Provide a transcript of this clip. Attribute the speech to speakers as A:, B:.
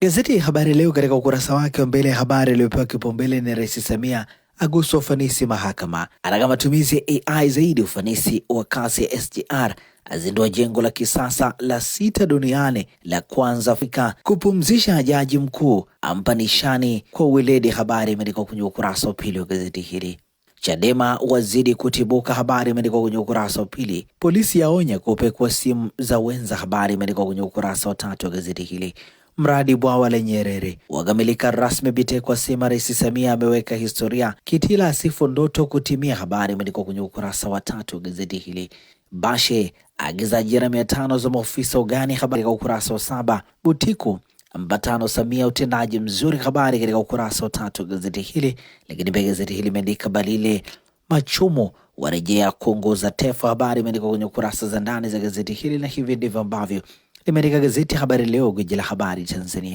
A: Gazeti ya Habari Leo katika ukurasa wake wa mbele ya habari iliyopewa kipaumbele ni Rais Samia agusa ufanisi mahakama, ataka matumizi ya AI zaidi ufanisi wa kasi ya SGR, azindua jengo la kisasa la sita duniani la kwanza Afrika, kupumzisha jaji mkuu, ampa nishani kwa uweledi. Habari imeandikwa kwenye ukurasa wa pili wa gazeti hili. Chadema wazidi kutibuka, habari imeandikwa kwenye ukurasa wa pili. Polisi yaonya kupekua simu za wenza, habari imeandikwa kwenye ukurasa wa tatu wa gazeti hili mradi bwawa la Nyerere. wagamilika rasmi Bitekwa sema Rais Samia ameweka historia. Kitila asifu ndoto kutimia. Habari imeandikwa kwenye ukurasa wa tatu wa gazeti hili. Bashe agiza ajira mia tano za maofisa ugani. Habari katika ukurasa wa saba. Butiku mbatano Samia utendaji mzuri. Habari katika ukurasa wa tatu wa gazeti hili. Lakini pia gazeti hili imeandika Balile machumo warejea kuongoza TEFU. Habari imeandikwa kwenye kurasa za ndani za gazeti hili, na hivi ndivyo ambavyo Limeandika gazeti Habari Leo, gwiji la habari Tanzania.